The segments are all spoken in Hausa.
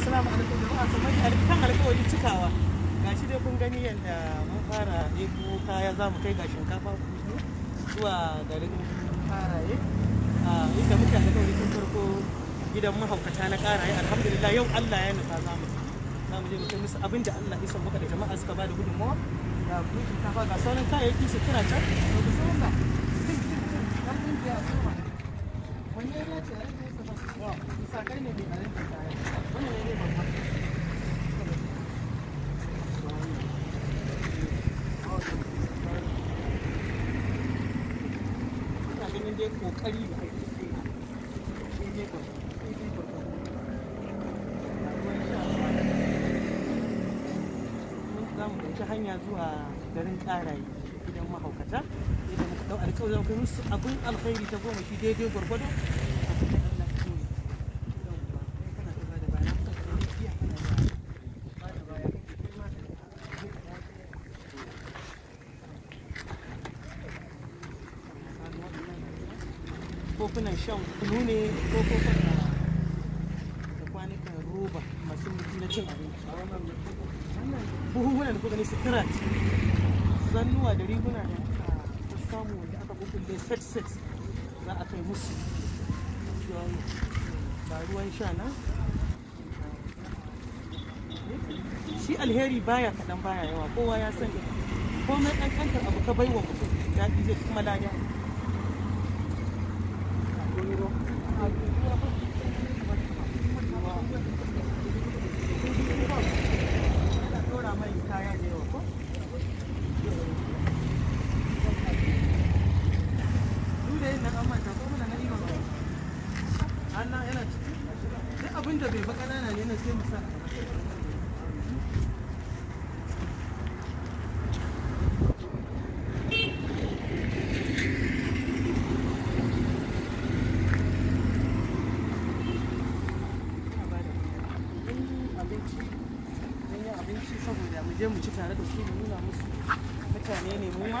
assalamu alaikum jama'a kamar da kan alƙawari cikawa gashi dai kun gani yadda mun fara ɗebo kaya za mu kai ga shinkafa kudu zuwa garin faraye inda muke alƙawari tun farko gidan mahaukata na karaye alhamdulillah yau Allah ya nufa za mu za mu je mu kai musu abin da Allah isa muka da jama'a suka ba da gudunmawa ga kuma shinkafa ga sauran kayayyaki su kira can da ku sauran in dai kokari da za mu ɗauki hanya zuwa garin ƙaraye gidan mahaukata yadda muka abin alkhairi ta goma shi daidai gwargwado kofunan shan kunu ne ko kofunan da kwanukan roba masu mutu na cin abinci buhuhunan da kuka ne sitirat zannuwa da riguna da ta samu wanda aka da set set za a kai musu ba ruwan sha na shi alheri baya kaɗan baya yawa kowa ya sani komai ɗan kankan abu ka baiwa mutum ɗi zai kuma lada hannun yana ciki duk abin da bai ba ƙanana ne na sai mu abinci saboda mu je mu ci tare da su mu nuna musu mutane ne mu ma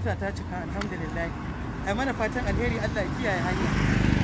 mota ta cika alhamdulillah ai mana fatan alheri Allah ya kiyaye hanya